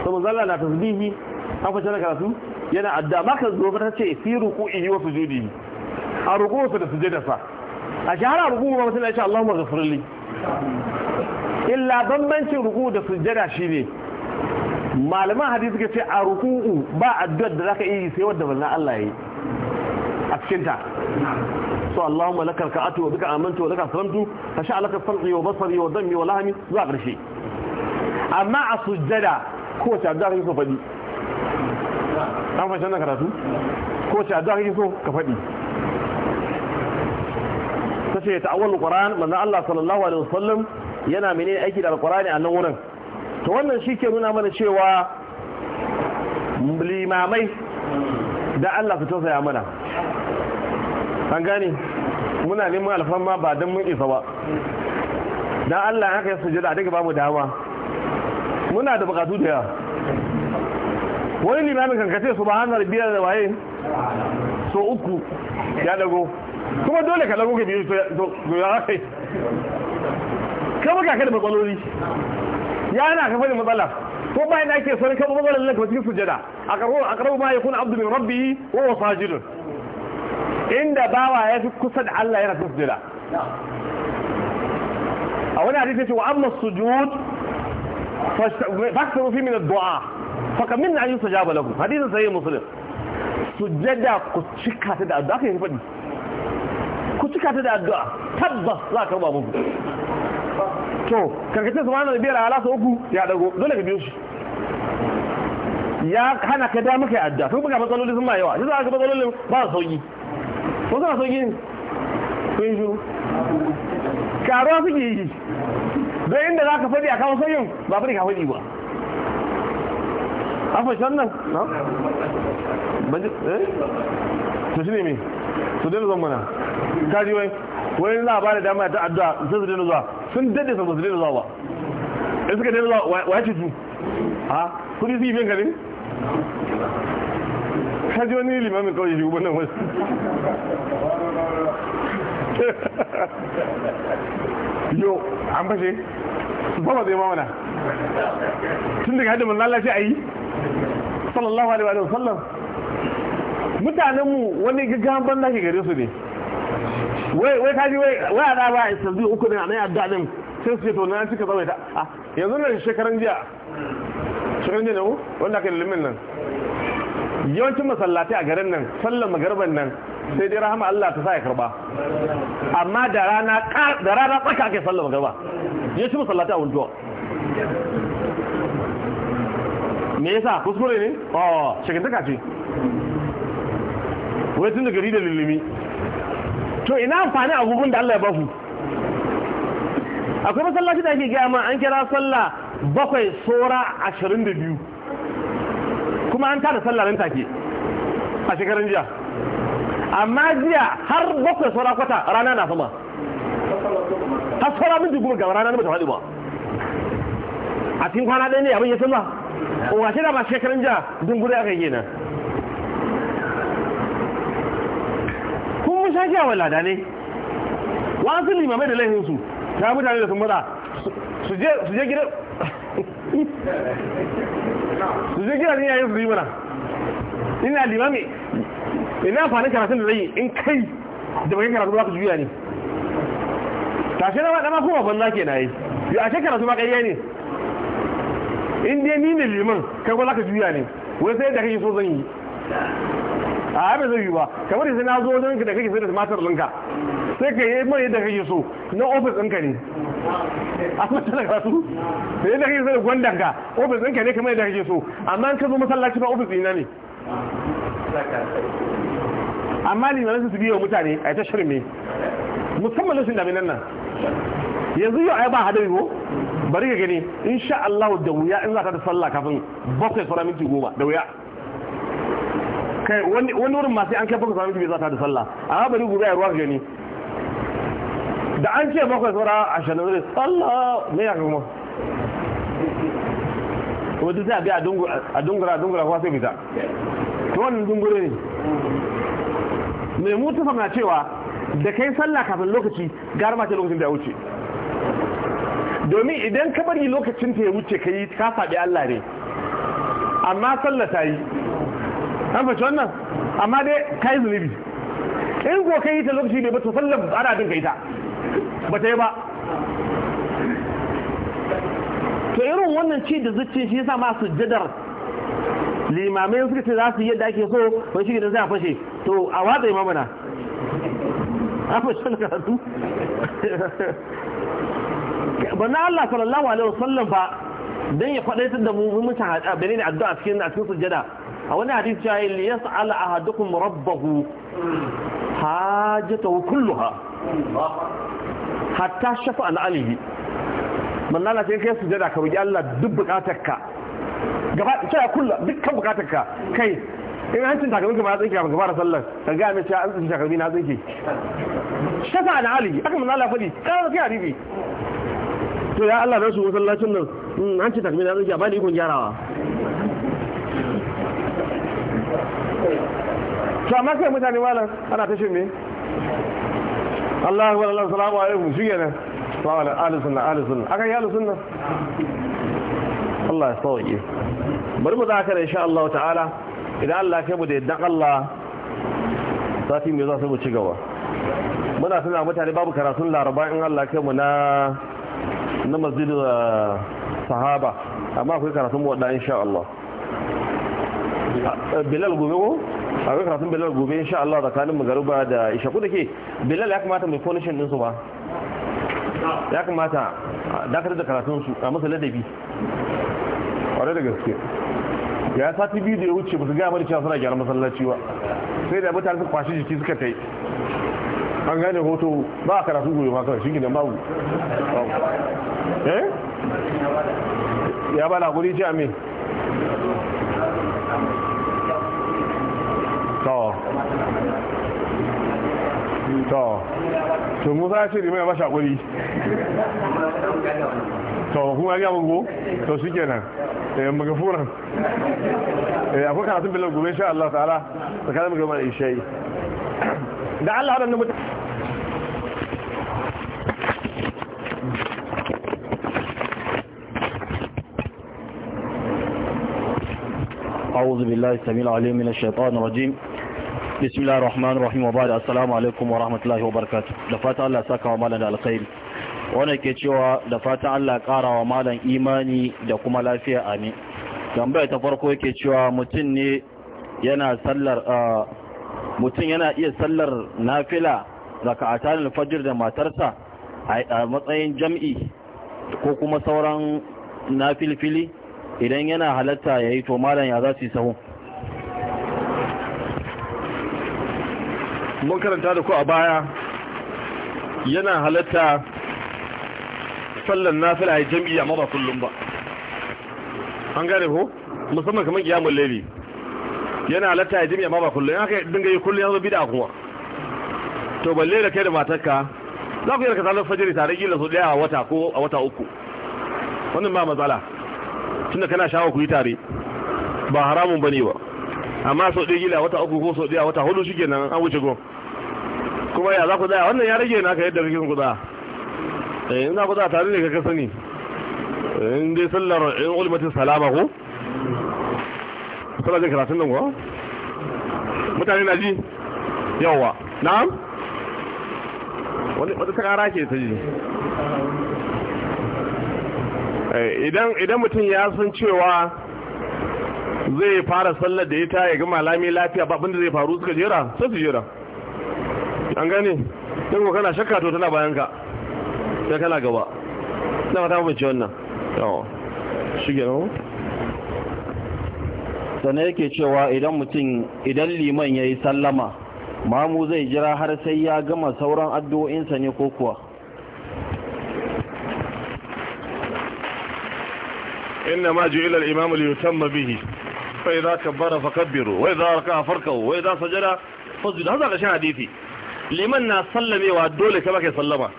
to mazalla na tasbihi an fa na karatu yana adda maka zo ba tace fi ruku'i wa sujudi a ruku'u da sa. a shahara ruku'u ba mutum ya ce allahumma ighfirli illa bambancin ruku da sujjada ne. malaman hadisi suka ce a ruku'u ba addu'ar da zaka yi sai wanda manzon Allah yayi a cikin ta so Allahumma lakal ka'atu wa bika amantu wa lakal salamtu fa sha'a lakal sam'i wa basari wa dhammi wa lahmi zuwa ƙarshe amma a sujjada ko ta da kake so faɗi an fashe na karatu ko ta da kake so ka faɗi kace ta awon Qur'an manzan Allah sallallahu alaihi wasallam yana menene aiki da al a nan wurin to wannan shi ke nuna mana cewa limamai da Allah su tausaya mana an gane muna neman alfarma ba don mun isa ba dan Allah haka ya sujada daga mu dama muna da bukatu da yawa wani limamin kankace su ba hannar biyar da waye so uku ya dago kuma dole ka lagu gabi to ya haka yi kama kaka da matsaloli ya na kafa da matsala ko bayan da ake sani kama matsalar lalaka cikin sujada a karbo a karbo ma ya kuna abdu min rabbi wa wa sajidun inda bawa ya fi kusa da Allah yana cikin sujada a wani hadisi ce wa amma sujud faktaru fi min ad-du'a fa min an yusajaba lahu hadisin sahih muslim sujada ku cika ta da addu'a kai fadi ku cika ta da addu'a tabbas za ka ba muku to karkacin su mana biyar halasa uku ya dago dole ka biyo shi ya hana ka da muka addu'a kun buga matsaloli sun ma yawa shi za ka matsaloli ba sauki ko suna sauki ne kun shiru karuwa suke yi don inda za ka faɗi a kawo sauyin ba faɗi ka faɗi ba a fashe wannan? na? Eh? to shi ne me su dina zan mana kaji wai wai za a bada dama ta addu'a sai su dina zuwa sun dade su su dina zuwa ba in suka dina zuwa wa ce su a kudi su yi fiye gari kaji wani limamin kawai shi gubanin wasu yo an fashe su fama zai mamana tun daga haɗin mun lalace a yi sallallahu alaihi wa sallam mutanenmu wani gaggawan banda ke gare su ne wai kaji wai a ɗaba a isa biyu uku ne a nan yadda ɗin sai su ke to na cika zama ta a yanzu na shekaran jiya shekaran jiya ne mu wanda aka ilimin nan yawancin masallatai a garin nan sallar magarban nan sai dai rahama Allah ta sa ya karba amma da rana da rana tsaka ake sallar magarba yawancin masallatai a wuntuwa me yasa kuskure ne? oh ta ce wai tun da gari da lullumi to ina amfani agogon da Allah ya bafu akwai masallaci da ake gaya ma an kira sallah bakwai sora ashirin da biyu kuma an tada sallah nan take a shekarun jiya amma jiya har bakwai sora kwata rana na sama har sora min goma ga rana na bata faɗi ba a cikin kwana ɗaya ne abin ya sama ko ga da ba shekarun jiya dungure aka yi kenan shafiya gaya wa lada ne wasu limamai da laifinsu ta mutane da sun matsa su je gida su je gida ne yayin su yi mana ina limami ina amfanin karatun da zai yi in kai da bakin karatu ba ka juya ne tashi na dama kuma banza ke na yi yi a shekara su ma ƙarya ne in dai ni ne liman kai ko za ka juya ne wai sai da kake so zan yi a ba zai yi ba kamar yanzu na zo wajen da kake sai da tumatir ɗinka sai ka yi mai yadda kake so na ofis ɗinka ne a mata da kasu da yadda kake sai da gwandan ka ofis ɗinka ne kamar yadda kake so amma ka zo masallaci ba ofis ɗina ne amma mana su biyo mutane a ta shirme musamman lokacin daminan nan yanzu yau ai ba hadari ko bari ka gani insha Allah da wuya in za ta da sallah kafin bakwai sura minti goma da wuya kai wani wurin masu an kai bakwai sami bai zata da sallah a haɓari gobe a ruwa gani da an ce bakwai saura a shanar sallah ne ya kuma wadda sai a biya a dungura a dungura kuwa sai fita ta wannan dungure ne mai Mutu na cewa da kai sallah kafin lokaci gara mace lokacin da ya wuce domin idan ka bari lokacin ta ya wuce ka yi ka faɗi Allah ne amma sallah ta yi an faci wannan amma dai ka yi zunubi in ko ka yi ta lokaci bai ba to sallar ana bin ka ta ba ta yi ba to irin wannan ci da zuci shi yasa ma jadar limamai suka ce za su yi yadda ake so wai shi gidan zai a fashe to a watsa imamana a fashe wani karatu bana Allah sallallahu alaihi wasallam ba dan ya faɗaitar da mu mun mutan bane da addu'a cikin a cikin sujjada a wani ya yi li yas'al ahadukum rabbahu hajatahu kulluha hatta shafa al'alihi mallala sai kai sujada ka roki Allah duk bukatarka gaba sai kulla dukkan bukatarka kai in an takalmi ka ba tsinke kafin ka da sallar ka ga mai cewa an tsinke takalmi na tsinke shafa al'alihi aka mallala fadi kana a ribi. to ya Allah rasu sallacin nan an hancin takalmi na ke ba bani ikon gyarawa to amma kai mutane malam ana ta shi ne Allahu Allah salamu alaikum shi kenan to ala ahlus sunna ahlus sunna yi ahlus sunna Allah ya sauke bari mu za ka da insha Allah ta'ala idan Allah kai mu da yaddan Allah sati mai za su mu ci gaba muna tana mutane babu karatun laraba in Allah kai mu na na masjid sahaba amma akwai karatun mu wadda insha Allah Eh, bilal gobe ko a akwai karatun bilal gobe insha Allah tsakanin magaruba da isha ku dake bilal ya kamata mai fonishin din su ba ya kamata dakatar da karatun su a masa ladabi kware da gaske ya sati biyu da ya wuce ba su da mana cewa suna gyara masallaci ba sai da mutane suka kwashi jiki suka yi. an gane hoto ba a karatu gobe ma kawai shi gidan babu eh? ya ba na guri ce to to musa ya ce limai ba shakuri to kuma ya mungo to shi kenan eh magafuran eh akwai karatun bilal gobe insha Allah ta'ala tsakanin magana isha'i da Allah da mutum أعوذ بالله السميع العليم من الشيطان الرجيم bismillahir rahmanir rahim wa ba'da assalamu alaikum wa rahmatullahi wa barakatuh da fatan Allah saka wa malam da alkhairi wanda ke cewa da fatan Allah kara wa malam imani da kuma lafiya amin tambaya ta farko yake cewa mutum ne yana sallar mutum yana iya sallar nafila raka'atan al-fajr da matarsa a matsayin jam'i ko kuma sauran nafilfili idan yana halatta yayi to malam ya za su yi sahun mun karanta da ku a baya yana halatta sallan nafila a jam'i amma ba kullum ba an gane ko musamman kamar kiyamul layli yana halatta a jam'i amma ba kullum haka dinga yi kullum yanzu bid'a kuma to balle da kai da matarka za ku yi da salar fajiri tare gila su daya a wata ko a wata uku wannan ba matsala tunda kana shawo ku yi tare ba haramun bane ba amma sau ɗaya gila wata uku ko sau ɗaya wata hudu shi kenan an wuce gon kuma ya za ku tsaya wannan ya rage naka yadda kake ku tsaya eh ina ku tare ne ka sani eh, in dai sallar in ulmatin salama ko sallar jin karatun nan kuwa mutane na ji yawa na'am wani wata ta kara ke ta ji eh, idan idan mutum ya san cewa zai fara sallar da ita ya gama lami lafiya ba abinda zai faru suka jera sai su jera an gane don ko kana shakka to tana bayan ka sai kana gaba na ta bace wannan yawa shige no sannan yake cewa idan mutum idan liman ya yi sallama mamu zai jira har sai ya gama sauran addu'o'insa ne ko kuwa inna ma ji al-imamu li yutamma bihi fa idza kabbara fakabbiru wa idza raka'a farka'u wa idza sajada fasjudu hadha kashin hadithi. liman na sallamewa dole ka baka sallama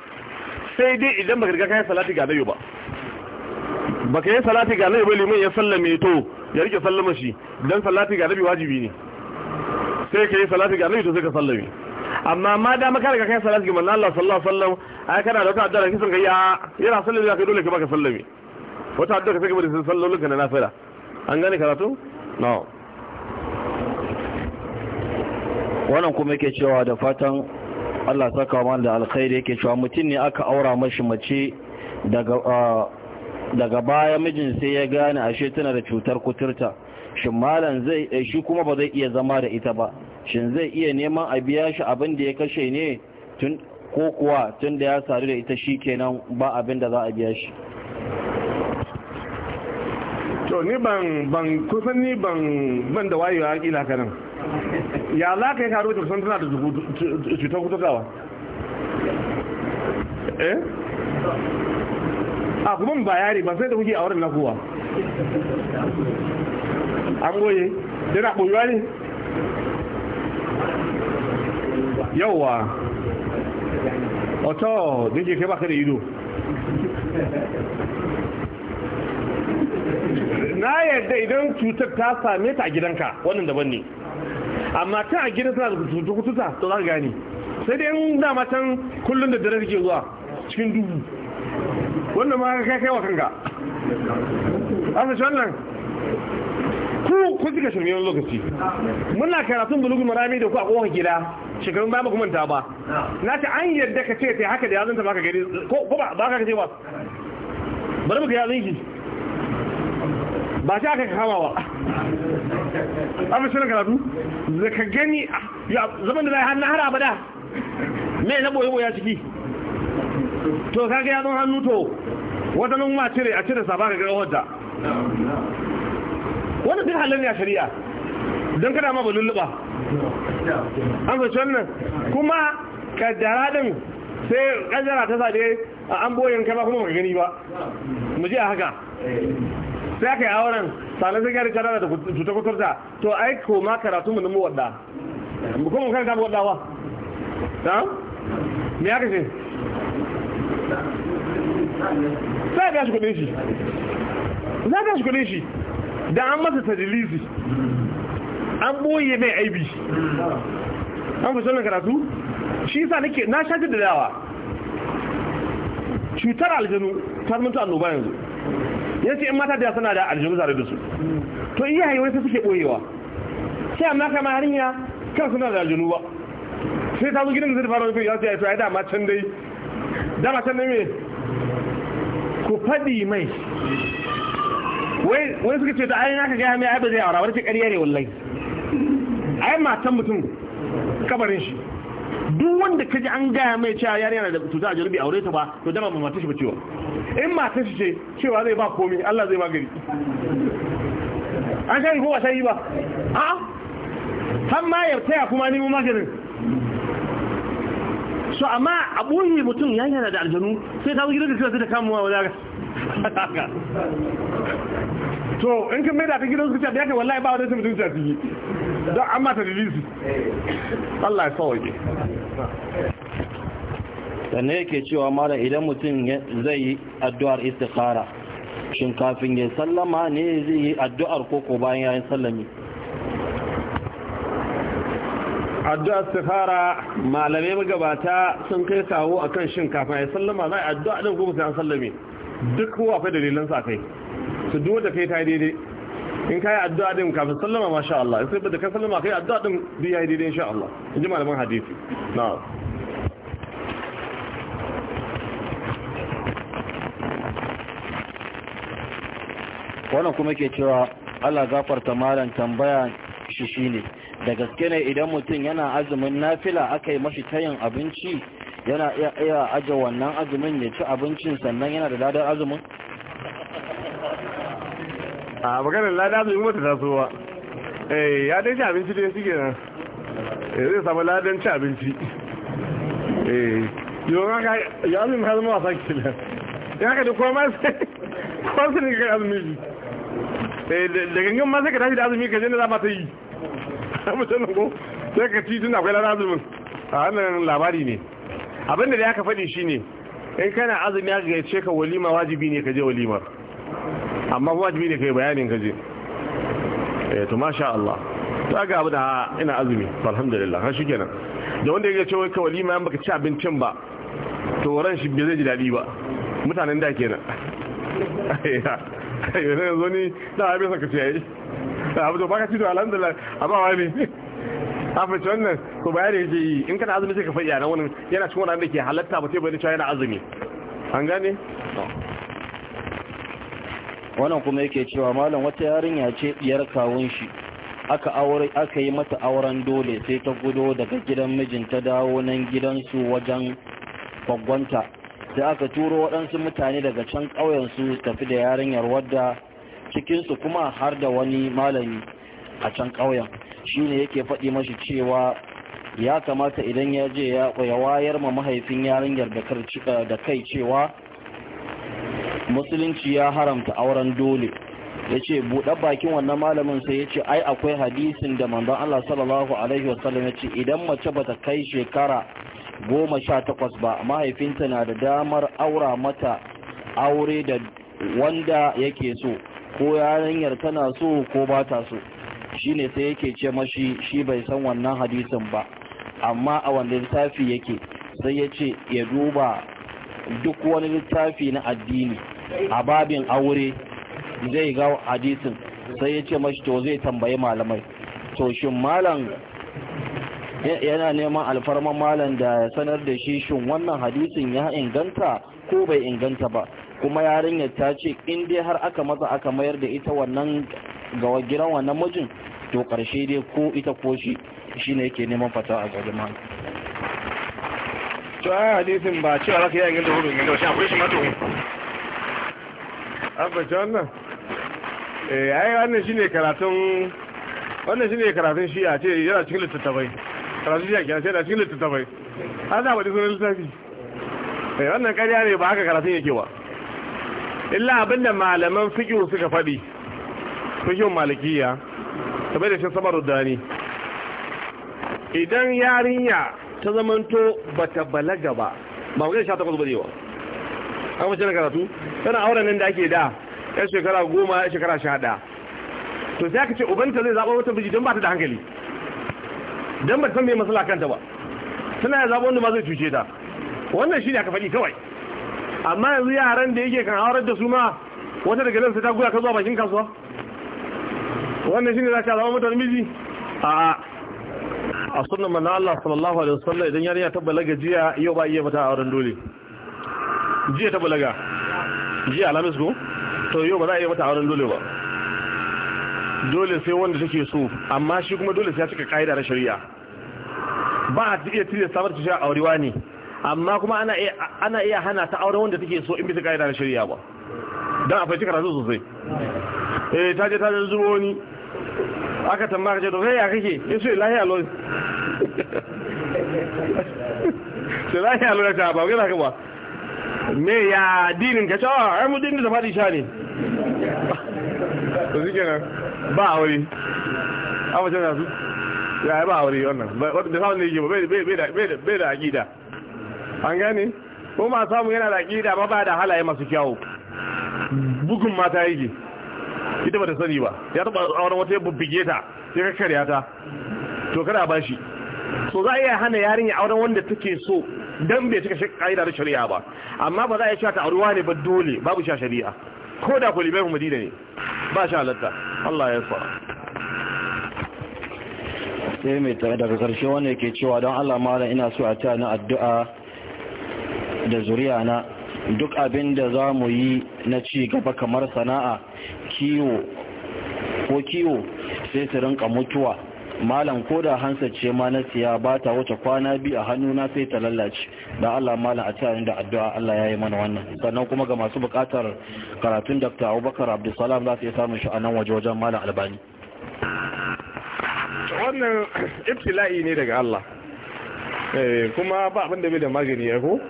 sai dai idan baka riga kai salati ga nabi ba baka yi salati ga nabi ba liman ya sallame to ya rike sallama shi dan salati ga nabi wajibi ne sai kai salati ga nabi to sai ka sallame amma ma da maka riga kai salati ga manzo Allah sallallahu alaihi wasallam ai kana da wata addara kisan kai ya yana sallama kai dole ka baka sallame wata addara sai ka bari sallolin ka na nafila an gane karatu na'am wannan kuma yake cewa da fatan Allah saka wa da alkhairi yake cewa mutum ne aka aura mashi mace daga daga baya mijin sai ya gane ashe tana da cutar kuturta shin malan zai eh, shi kuma ba zai iya zama da ita ba shin zai iya neman a biya shi abin da ya kashe ne tun ko kuwa tun da ya sadu da ita shi kenan ba abin da za a biya shi to ni ban ban kusan ni ban ban da wayewa kila kanan ya za ka yi karo da kusan tana da cutar kuturtawa eh a kuma ba yare ba sai da kuke a wurin na kowa an goye yana ɓoyuwa ne yauwa oto da ke kai baka da ido na yadda idan cutar ta same ta a gidanka wannan daban ne amma ta a gidan suna da kututa to za ka gane sai dai yan dama can kullum da dare suke zuwa cikin dubu wannan ma ka kai wa kanka asa shi wannan ku ku suka shirme wani lokaci muna karatun bulugun marami da ku a kowa gida shekarun ba kuma ta ba na ta an yadda ka ce ta haka da yazanta baka gari ko ba ka ce ba bari mu yazin shi ba shi aka kama ba an mashi karatu zaka ka gani zaman da zai har abada me na boye boya ciki to kaga ya zon hannu to wata nan ma cire a cire saba ka ga wadda wannan duk halin ya shari'a don kada ma ba lulluɓa an zaci wannan kuma kaddara din sai kaddara ta sade a an boyin kai ba kuma ka gani ba mu ji a haka sai aka yi auren sanar zai gari kana da cuta kuturta to ai ko ma karatu mu mu wadda mu kuma kan mu wadda wa ta me aka ce sai ga shi kudin shi za ga shi kudin shi da an masa tajilizi an boye mai aibi an fi sanar karatu shi sa nake na da dawa cutar aljanu ta mutu annoba yanzu ce in mata da suna da aljihu zare da su to iyaye wani sai suke boyewa sai amma kama harinya kan suna da aljihu ba sai ta zo gidan zai fara wani ya ce ai dama can dai ma can dai me ku fadi mai wai wai suka ce ta ai naka ga mai ai ba zai aura wani ce ƙarya ne wallahi ai matan mutum kabarin shi duk wanda kaji an gaya mai cewa yana da cuta a jirbi aure ta ba to dama ba shi ba cewa in ma shi ce cewa zai ba komi Allah zai gari. an shari ko ba yi ba a har ma ya taya kuma nemo maganin so amma a ɓoye mutum ya yana da aljanu sai ta wuce da cewa sai ta kamuwa wa zaga to in kan maida ta gidan suka ya kai wallahi ba wadansu mutum ta ciki don an ta dalisi Allah ya sauke sannan yake cewa mara idan mutum zai yi addu'ar istikhara shin kafin ya sallama ne zai yi addu'ar koko bayan yayin sallami addu'ar istikhara malamai magabata sun kai kawo akan shin kafin ya sallama zai addu'a ɗin kuma sai an sallame duk kuwa fai dalilan sa kai su duwa da kai ta daidai in kayi addu'a din kafin sallama masha Allah sai ba da kai sallama kai addu'a din bi yayi daidai insha Allah in ji malaman hadisi na'am wannan kuma ke cewa Allah zafarta malam tambaya shi shi ne, da gaske ne idan mutum yana azumin nafila aka yi mashi tayin abinci yana iya iya aje wannan azumin ya ci abincin sannan yana da ladar azumin a maganar ladar azumin mata tasowa eh ya dai ci abinci dai shi kenan eh zai samu ladan ci abinci eh yau ga ya azumin har mu wasa kenan ya ka da komai sai ba su kai azumi eh, da gangan ma sai ka tashi da azumi ka je na za ma ta yi mutanen ko sai ka ci tun akwai lana azumin a wannan labari ne abinda da ya ka faɗi shi ne in kana azumi ya ce ka walima wajibi ne ka je walimar amma wajibi ne ka yi bayanin ka je eh to masha Allah ta ga abu da ina azumi alhamdulillah har shikenan da wanda ya ce ka walima an baka ci abincin ba to ran shi bai zai ji dadi ba mutanen da kenan yanzu yanzu ni da abin saka ce yayi abu da baka ci to alhamdulillah amma wani afirci wannan ko bayan da yake yi in kana azumi sai ka faɗi yana nan wani yana cikin wani da ke halatta ba sai bari cewa yana azumi an gane wannan kuma yake cewa malam wata yarinya ce biyar kawun shi aka aure aka yi mata auren dole sai ta gudo daga gidan mijinta dawo nan gidansu wajen kwaggwanta sai aka turo waɗansu mutane daga can ƙauyensu tafi da yarinyar wadda cikinsu kuma har da wani malami a can ƙauyen shi ne yake faɗi mashi cewa ya kamata idan ya je ya wayar ma mahaifin yarinyar da kai cewa musulunci ya haramta auren dole ya ce buɗe bakin wannan malamin sai ya ce ai akwai hadisin da manzon Allah sallallahu alaihi wasallam ya ce idan mace bata kai shekara goma sha takwas ba mahaifinta na da damar aura mata aure da wanda yake so ko yarinyar tana so ko ba ta so shine sai yake ce mashi shi bai san wannan hadisin ba amma a wanda littafi yake sai ya ce ya duba duk wani littafi na addini a babin aure zai ga hadisin sai ya ce mashi to zai tambayi malamai to shin malam yana neman alfarman malam da ya sanar da shi shin wannan hadisin ya inganta ko bai inganta ba kuma yarinyar ta ce in dai har aka maza aka mayar da ita wannan ga gidan wannan mijin to karshe dai ko ita ko shi shine yake neman fata a gari ma to ai hadisin ba cewa zaka yi inganta hudu inganta ba shi akwai shi ma to abba janna eh ai wannan shine karatun wannan shine karatun shi a ce yana cikin littattafai karatu ya kira sai da cikin littattafai an za faɗi sunan littafi mai eh, wannan karya ne ba haka karatun yake ba illa abinda malaman fikiyu suka faɗi fikiyun malikiya bai da shi samar dani idan yarinya ta zamanto ba ta balaga ba ba mu sha takwas wa an mace na karatu yana auren nan da ake da yan shekara goma yan shekara sha ɗaya to sai aka ce ubanta zai zaɓa wata biji don ba ta da hankali dan ba san me masala kanta ba tana ya zaba wanda ba zai cuce ta wannan shine aka faɗi kawai amma yanzu yaran da yake kan aurar da su ma wata daga nan sai ta guya ka zuwa bakin kasuwa wannan shine za ka zama mutane miji a a sunan manzo Allah sallallahu alaihi wasallam idan yarinya ta balaga jiya yau ba iya mata auren dole jiya ta balaga jiya alamis ko to yau ba za a iya mata auren dole ba dole sai wanda take so amma shi kuma dole sai ya cika ka'ida na shari'a ba a iya ta shi a aurewa ne amma kuma ana iya hana ta auren wanda take so in bisa ka'ida na shari'a ba don a fahimci razu sosai eh ta je ta je zuwa wani aka tambaya ce to ya kake in so lahiya lo sai lahiya lo ta ba ga haka ba me ya dinin ka a ai mu dinin da fadi sha ne to shikenan ba aure an mace da su ya ba aure wannan da samun da yake ba bai da aƙida an gani? ko ma samu yana da aƙida ba ba da halaye masu kyawu bugun mata yake ita ba ta sani ba ya taɓa auren wata ya bubbige ta ya kakkarya ta to kada ba shi so za a iya hana yarinya auren wanda take so dan bai cika shi ƙa'ida da shari'a ba amma ba za a iya cika ta aurewa ne ba dole babu sha shari'a ko da kulibai mu madina ne ba shi halatta Allah ya fara sai mai tare daga karshe wanda ke cewa don Allah malam ina so a ta na addu'a da zuriya na duk abin da za mu yi na ci gaba kamar sana'a kiwo ko kiwo sai su rinka mutuwa malam ko da hansar ce ma na siya ba ta wuce kwana biyu a hannuna sai ta lallace da Allah malam a cikin da addu'a Allah ya yi mana wannan sannan kuma ga masu bukatar karatun Dr. Abubakar Abdulsalam za su iya samun shi a nan waje wajen malam Albani wannan ibtila'i ne daga Allah eh, kuma ba abin da bai da magani ya ko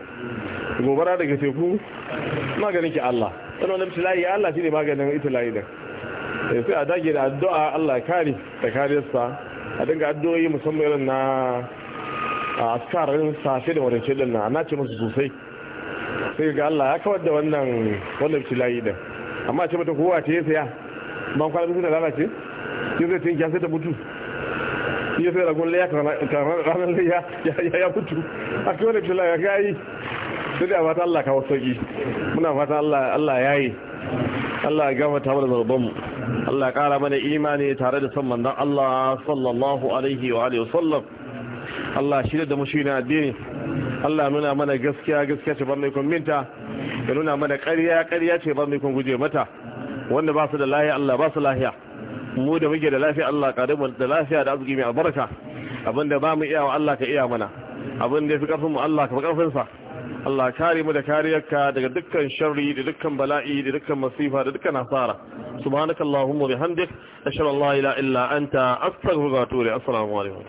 gobara daga teku maganin ki Allah sannan wannan ibtila'i Allah shi ne maganin ibtila'i da eh, sai a dage da addu'a Allah kare da kariyarsa a dinga addu'o'i musamman irin na askarin safe da wadance din na ana ce musu sosai sai ga Allah ya kawar da wannan wannan filayi din amma ce mata kowa ta yi saya ban kwana bisu da lalace shi zai tinki sai ta mutu shi sai ragon laya ranar laya ya mutu a kai wannan filayi ya yi sai da fata Allah kawo sauki muna fata Allah ya yi Allah ya gafarta mana zarbanmu Allah ya kara mana imani tare da saman manzon Allah sallallahu alaihi wa alihi wasallam Allah shi da mushi na addini Allah nuna mana gaskiya gaskiya ce bar mai kun minta ya nuna mana ƙarya ƙarya ce bar mai kun guje mata wanda ba su da lahiya, Allah ba su lahiya. mu da muke da lafiya Allah ka da lafiya da arziki mai albarka abinda ba mu iya wa Allah ka iya mana abinda ya fi ƙarfin mu Allah ka fi ƙarfin sa Allah kare mu da kariyarka daga dukkan sharri da dukkan bala'i da dukkan masifa da dukkan asara subhanakallahumma bihamdik ashhadu an la ilaha illa anta astaghfiruka wa atubu ilaik assalamu alaikum